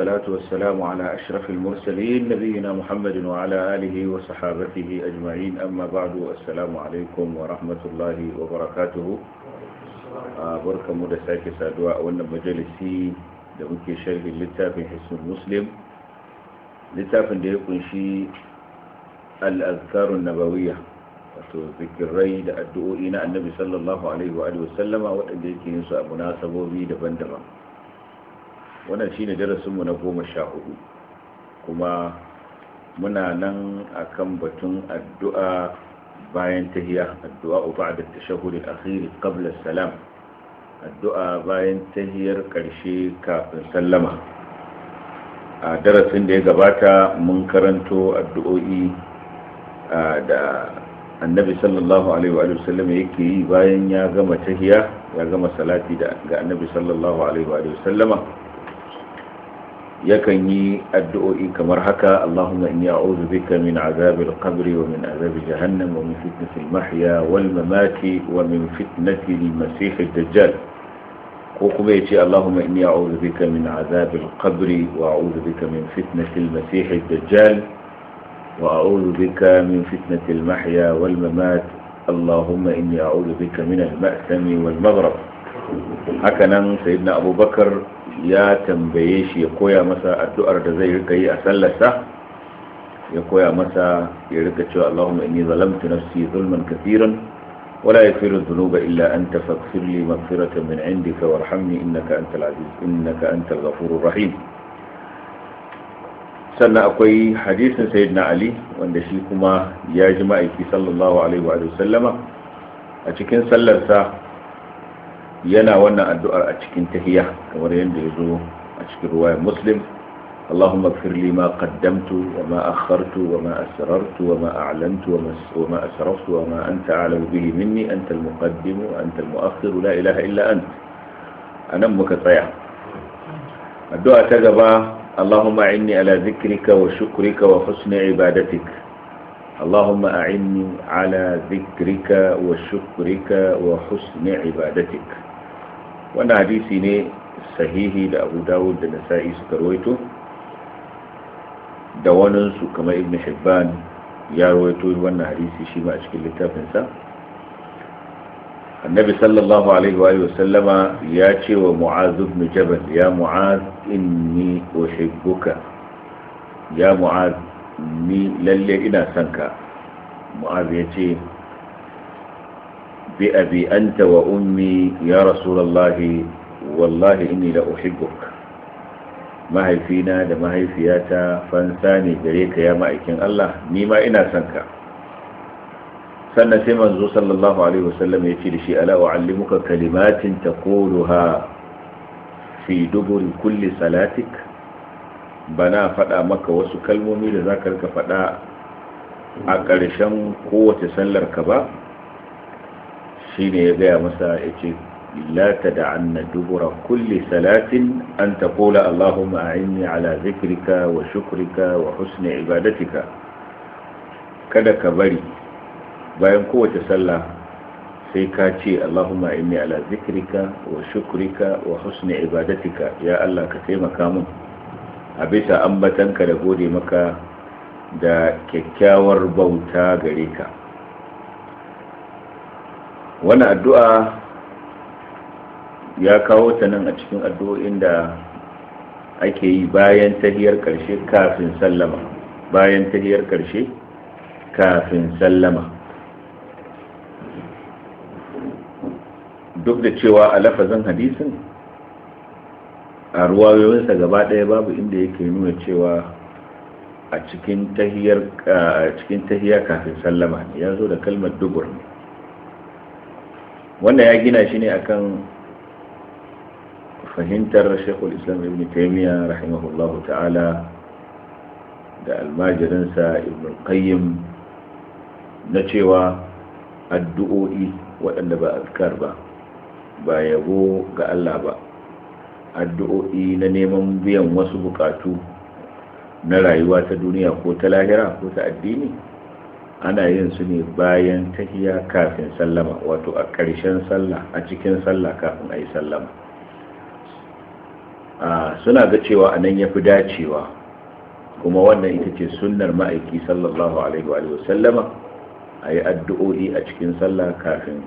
والصلاة والسلام على أشرف المرسلين نبينا محمد وعلى آله وصحابته أجمعين أما بعد السلام عليكم ورحمة الله وبركاته بركة مدساك سادواء وأن مجلسي دمك شرح للتاف حسن المسلم للتاف ديكون شيء الأذكار النبوية ذكري الدؤوئين النبي صلى الله عليه وآله وسلم وأن ديكين سأبنا سبوبي دبندرا wannan shine darasinmu na goma sha hudu kuma muna nan a kan batun addu'a bayan tahiya addu'a ba'da tashahhud al-akhir qabla salam addu'a bayan tahiyar ƙarshe kafin sallama a darasin da ya gabata mun karanto addu'o'i da annabi sallallahu alaihi wa sallam yake yi bayan ya gama tahiya ya gama salati ga annabi sallallahu alaihi wa sallama يكن يدعوئي كما رحكا اللهم إني أعوذ بك من عذاب القبر ومن عذاب جهنم ومن فتنة المحيا والممات ومن فتنة المسيح الدجال وقم يتي اللهم إني أعوذ بك من عذاب القبر وأعوذ بك من فتنة المسيح الدجال وأعوذ بك من فتنة المحيا والممات اللهم إني أعوذ بك من المأثم والمغرب هكذا سيدنا أبو بكر ya tambaye shi ya koya masa addu'ar da zai rika yi a sallarsa ya koya masa ya rika cewa Allahumma inni zalamtu nafsi zulman kafiran wala yaghfiru dhunuba illa anta faghfir li maghfiratan min 'indika warhamni innaka antal aziz innaka antal ghafurur rahim sannan akwai hadisin sayyidina ali wanda shi kuma ya ji ma'aiki sallallahu alaihi wa sallama a cikin sallarsa yana wannan addu'ar a cikin tahiyya kamar yadda ya zo a cikin muslim اللهم اغفر لي ما قدمت وما أخرت وما أسررت وما أعلنت وما أسرفت وما أنت أعلم به مني أنت المقدم وأنت المؤخر لا إله إلا أنت أنا أمك طيع الدعاء تقبى اللهم أعني على ذكرك وشكرك وحسن عبادتك اللهم أعني على ذكرك وشكرك وحسن عبادتك wannan hadisi ne sahihi da abu dawud da nasa'i suka rawaito da waninsu kamar ibn hibban ya rawaito wannan hadisi shi ma a cikin littafinsa annabi sallallahu alaihi wa sallama ya ce wa mu'az ibn jabal ya mu'az inni uhibbuka ya mu'az ni lalle ina sanka ka mu'az ya ce بأبي أنت وأمي يا رسول الله والله إني لأحبك mahaifina da mahaifiyata fansa ne gare ka ya ma'aikin Allah ni ma ina son ka sannan sai manzo sallallahu alaihi wasallam ya ce da shi ala uallimuka kalimatin taquluha fi duburi kulli salatik bana faɗa maka wasu kalmomi da zaka rika faɗa a ƙarshen kowace sallar ka ba shine ya gaya masa ya ce la tad'anna dubura kulli salatin an taqula allahumma a'inni ala zikrika wa shukrika wa husni ibadatika kada ka bari bayan kowace sallah sai ka ce allahumma inni ala zikrika wa shukrika wa husni ibadatika ya allah ka taimaka mun a bisa ambatanka da gode maka da kyakkyawar bauta gare ka Wani addu'a ya kawo ta nan a cikin addu'o'in da ake yi bayan tahiyar ƙarshe kafin sallama bayan tahiyar ƙarshe kafin sallama duk da cewa a lafazin hadisin a ruwayoyinsa gaba ɗaya babu inda yake nuna cewa a cikin tahiyar kafin sallama ya zo da kalmar dubur ne wannan ya gina shi ne akan fahimtar shekul islam ibn taimiyya rahimahullahu ta'ala da almajirinsa ibn qayyim na cewa addu'o'i waɗanda ba azkar ba ba yabo ga Allah ba addu'o'i na neman biyan wasu bukatu na rayuwa ta duniya ko ta lahira ko ta addini ana yin su ne bayan tahiya kafin sallama wato a ƙarshen sallah a cikin sallah kafin a yi sallama suna ga cewa a nan ya fi dacewa kuma wannan ita ce sunnar ma'aiki sallallahu alaihi wa sallama a yi addu'o'i a cikin sallah kafin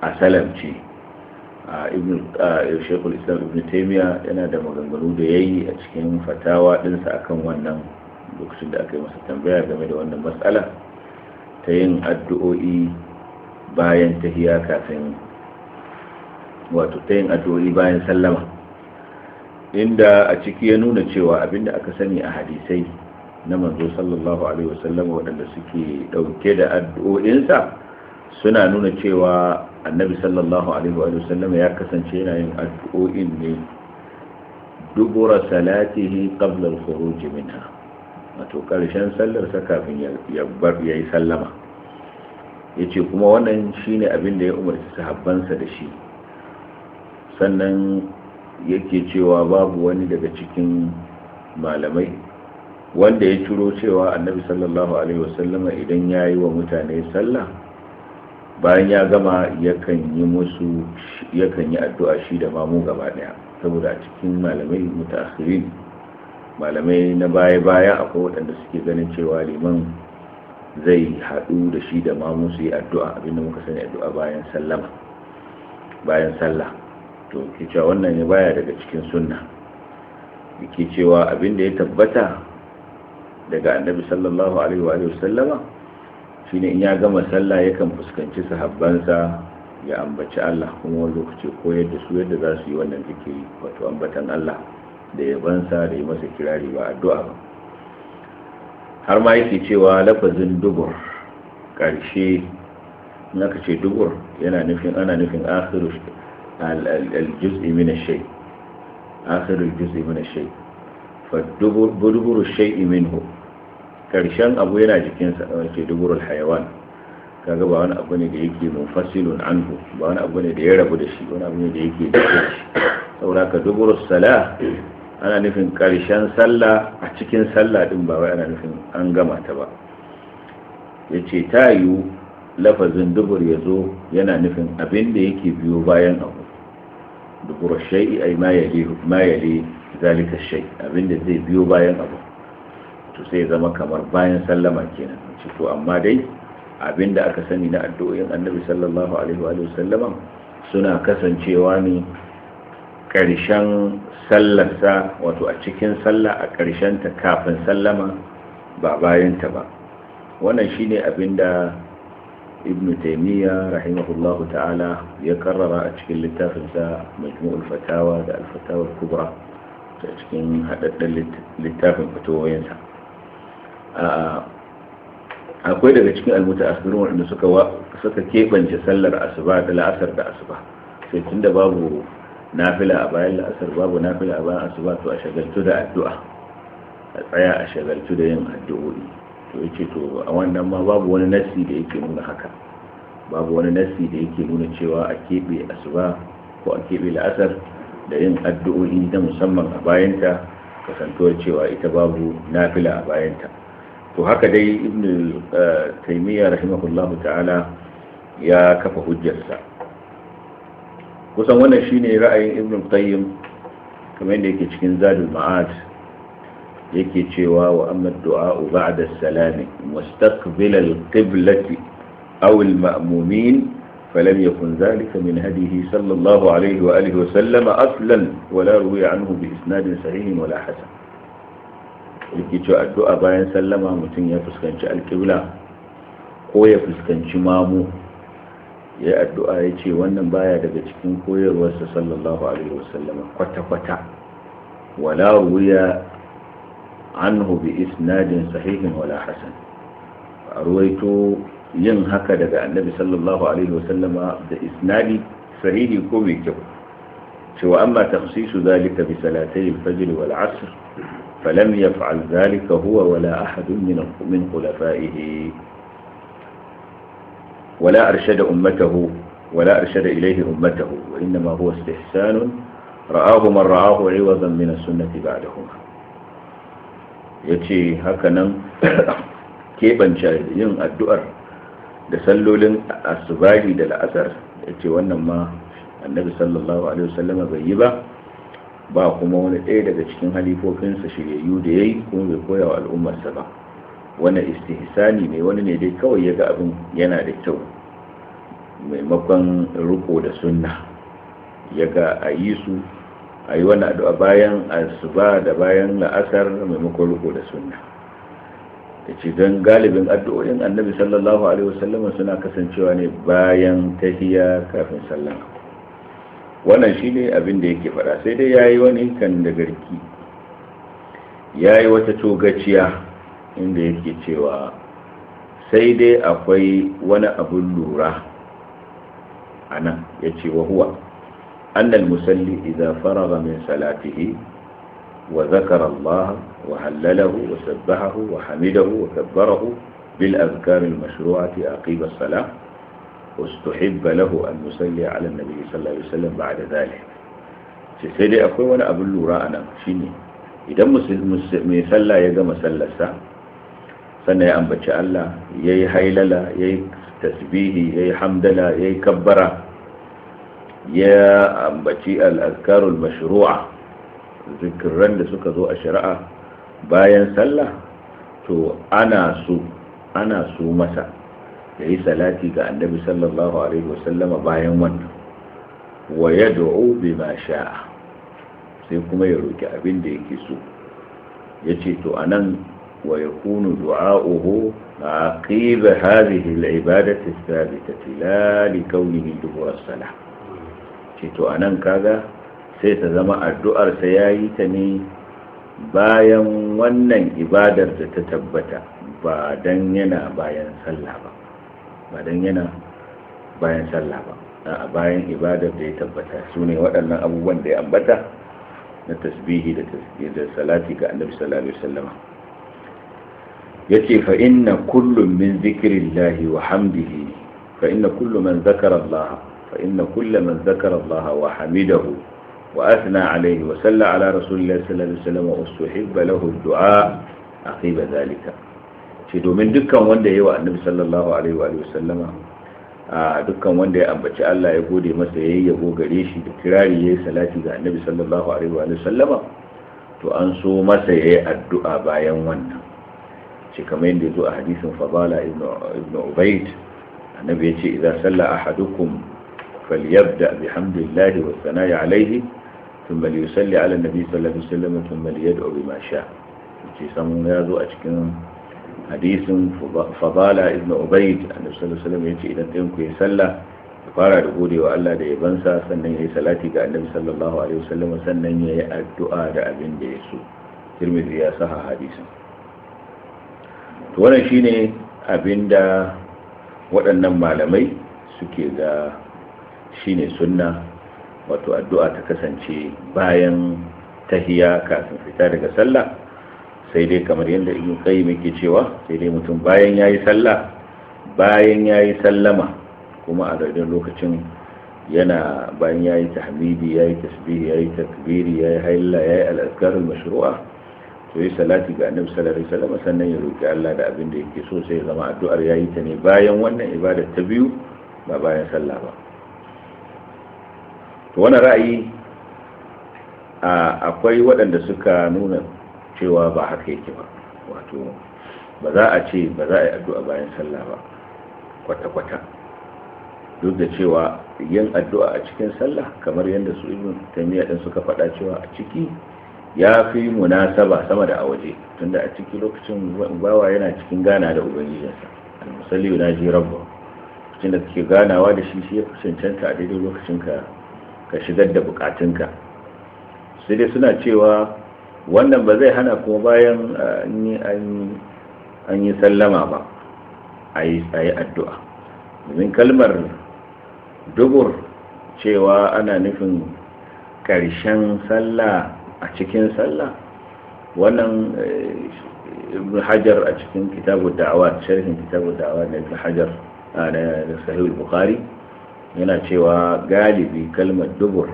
a salamce shekul islam ibn taimiya yana da maganganu da ya yi a cikin fatawa ɗinsa akan wannan lokacin da aka yi masa tambaya game da wannan matsala ta yin addu'o'i bayan tahiya kafin wato ta yin addu'o'i bayan sallama inda a ciki ya nuna cewa abinda aka sani a hadisai na manzo sallallahu alaihi wasallam waɗanda suke ɗauke da addu'o'insa suna nuna cewa annabi sallallahu alaihi ya kasance yana yin addu'o'in ne dubura salatihi qabla al-khuruj minha wato karshen sa kafin ya bar ya yi sallama ya ce kuma wannan shine abin da ya umarci sahabbansa da shi sannan yake cewa babu wani daga cikin malamai wanda ya turo cewa annabi sallallahu alaihi wasallama idan ya yi wa mutane sallah bayan ya gama yakan yi musu yakan yi addu'a shi da mamu gaba daya saboda a cikin malamai mutasirin malamai na baya-baya akwai waɗanda suke ganin cewa liman zai haɗu da shi da ma musu yi addu'a abinda muka sani addu'a bayan sallama bayan sallah to ke cewa wannan ya baya daga cikin sunna ke cewa abinda ya tabbata daga annabi sallallahu alaihi wa sallama shine in ya gama sallah yakan fuskanci sahabbansa ya ambaci Allah kuma wani lokaci koyar da su yadda za su yi wannan zikiri wato ambatan Allah da sa da yi masa kirari ba addu'a ba har ma yake cewa lafazin dubur ƙarshe in aka ce dubur yana nufin ana nufin akhiru aljuz'i min ash-shay akhiru aljuz'i min ash-shay fa duburu ash shay minhu karshen abu yana jikinsa dubur al hayawan kaga ba wani abu ne da yake mufassilun anhu ba wani abu ne da ya rabu da shi wani abu ne da yake da shi saboda ka dubur salah ana nufin ƙarshen sallah a cikin sallah ɗin ba wai ana nufin an gama ta ba ya ce ta yiwu lafazin dubur ya zo yana nufin abin da yake biyo bayan abu dubur shai ai ma yali zalika shai abin da zai biyo bayan abu to sai zama kamar bayan sallama kenan ce to amma dai abin da aka sani na addu'o'in annabi sallallahu alaihi wa sallama suna kasancewa ne ƙarshen sallarsa wato a cikin sallah a ta kafin sallama ba bayanta ba wannan shi shine abinda ibn taimiyya rahimahullahu ta'ala ya karrara a cikin littafinsa majmu'ul fatawa da alfatawar kubra a cikin haɗaɗɗen littafin fatawoyinsa akwai daga cikin almuta asirin waɗanda suka keɓance sallar asuba da la'asar da asuba sai tun da babu nafila a bayan la'asar babu nafila a bayan asuba to a shagaltu da addu'a a tsaya a shagaltu da yin addu'o'i to yace to a wannan ma babu wani nasi da yake nuna haka babu wani nasi da yake nuna cewa a keɓe asuba ko a keɓe la'asar da yin addu'o'i na musamman a bayanta kasantuwar cewa ita babu nafila a bayanta to haka dai Ibnu eh, Taimiyya rahimahullahu ta'ala ya kafa hujjarsa kusan wannan shine ra'ayin ibn qayyim kamar yadda yake cikin zadul ma'ad yake cewa wa amma du'a ba'da salami mustaqbil al-qiblati aw al-ma'mumin yakun فلم يكن ذلك من هديه wa الله عليه وآله وسلم أصلا ولا روي عنه بإسناد صحيح ولا hasan yake cewa addu'a bayan sallama mutum ya fuskanci al-qibla ko ya fuskanci mamu ya yi addu'a ya ce wannan baya daga cikin koyarwarsa sallallahu alaihi wasallama kwata-kwata wala wuya an bi isnadin sahihin wala hasan a ruwaito yin haka daga annabi sallallahu alaihi wasallama da isnadi sahihi ko mai kyau cewa amma tafsisu zalika bi salatai alfajr wal asr falam yaf'al zalika huwa wala ahadun min khulafaihi ولا أرشد أمته ولا أرشد إليه أمته وإنما هو استحسان رآه من رآه عوضا من السنة بعدهما yace hakanan keɓance yin addu'ar da sallolin asubari da la'asar yace wannan ma annabi sallallahu alaihi wasallama bai yi ba ba kuma wani ɗaya daga cikin halifofinsa shiryayyu da ya yi kuma bai koya wa al'ummarsa ba wannan istihsani ne wani ne dai kawai ya ga abin yana da kyau maimakon riko da sunna ya ga a yi su a yi wani addu'a bayan asuba da bayan la'asar maimakon riko da sunna da ce don galibin addu'o'in annabi sallallahu alaihi wasallam suna kasancewa ne bayan tahiya kafin sallama wannan shi ne abin da yake faɗa sai dai ya yi wani kan da garki ya yi wata togaciya inda yake cewa sai dai akwai wani abun lura a nan ya ce wahuwa annal musalli idan faraga min salatihi wa zakara Allah wa hallalahu wa sabbahahu wa hamidahu wa kabbarahu bil azkaril mashru'ati aqiba salah واستحب له أن يصلي على النبي صلى الله sai dai akwai wani abin lura a nan shine idan mai sallah ya gama sallarsa sannan ya ambaci Allah ya yi hailala ya yi tasbihi ya yi hamdala ya yi kabbara ya ambaci al'azkarul mashru'a zikiran da suka zo a shari'a bayan sallah to ana su ana su masa ya yi salati ga annabi sallallahu alaihi wasallama bayan wannan wa ya da'u ma sha'a sai kuma ya roki abin da yake so ya ce to anan ويكون دعاؤه عقيب هذه العبادة الثابتة لا لكونه دبر الصلاة شيتو أنا كذا سيتزمع الدؤر سيايتني bayan wannan ibadar da ta tabbata ba dan yana bayan sallah ba ba dan yana bayan sallah ba a bayan ibadar da ya tabbata su ne waɗannan abubuwan da ya ambata na tasbihi da salati ga annabi sallallahu alaihi wasallama yace fa inna kullum min zikrillahi wa hamdihi fa inna kullu man zakara Allah fa inna kullu man zakara Allah wa hamidahu wa athna alayhi wa salla ala rasulillahi sallallahu alaihi wasallam usuhibba lahu ad-du'a aqiba zalika ce domin dukkan wanda ya yi wa annabi sallallahu alaihi wa sallama a dukkan wanda ya ambaci Allah ya gode masa ya yi yabo gare shi da kirari yayi salati ga annabi sallallahu alaihi wa sallama to an so masa ya yi addu'a bayan wannan ce kamar yadda zo a hadisin fadala ibn ubaid annabi ya ce idan salla ahadukum falyabda bihamdillahi wa sana'i alaihi thumma liyusalli ala nabi sallallahu alaihi wasallam thumma liyad'u bima sha ce samun ya zo a cikin hadisin fadala ibn ubaid annabi sallallahu alaihi wasallam ya ce idan ɗayan ku yi sallah, ya fara da godewa Allah da yabansa sannan ya yi salati ga annabi sallallahu alaihi wa wasallam sannan ya yi addu'a da abin da ya so tirmidhi ya saha hadisin to wannan shine abinda waɗannan malamai suke ga shine sunna wato addu'a ta kasance bayan tahiya kafin fita daga sallah sai dai kamar yadda ibn qayyim yake cewa sai dai mutum bayan yayi sallah bayan yayi sallama kuma a daidai lokacin yana bayan yayi tahmidi yayi tasbih yayi takbiri yayi haila yayi al azkarul mashrua to yi salati ga annabi sallallahu alaihi wasallam sannan ya roki Allah da abin da yake so sai zama addu'ar yayi ta ne bayan wannan ibada ta biyu ba bayan sallah ba to wannan ra'ayi akwai waɗanda suka nuna cewa ba haka yake ba wato ba za a ce ba za a yi addu'a bayan sallah ba kwata-kwata duk da cewa yin addu'a a cikin sallah kamar yadda su ibn taymiya din suka faɗa cewa a ciki ya fi munasaba sama da a waje tunda a cikin lokacin bawa yana cikin gana da ubangijinsa al-musalli ji rabba cikin da kake ganawa da shi shi ya cancanta a daidai lokacin ka ka shigar da bukatunka sai dai suna cewa wannan ba zai hana kuma bayan an yi sallama ba a yi addu'a domin kalmar dubur cewa ana nufin ƙarshen sallah a cikin sallah wannan eh, ibn hajar a cikin kitabu da'awa sharhin kitabu da'awa da ibn hajar da sahih bukhari yana cewa galibi kalmar dubur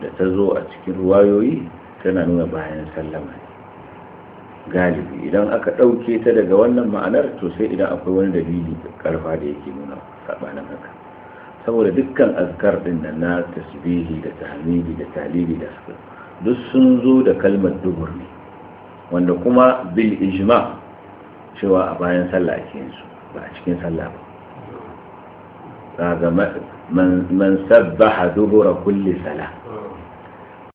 da ta zo a cikin ruwayoyi tana nuna bayan sallama galibi idan aka ɗauke ta daga wannan ma'anar to sai idan akwai wani dalili karfa da yake nuna sabanin haka saboda dukkan azkar din da na tasbihi da tahmidi da talibi da suka duk sun zo da kalmar dubur ne wanda kuma bil ijma cewa a bayan sallah ake yin su ba a cikin sallah ba kaga man sabbaha dubura kulli salah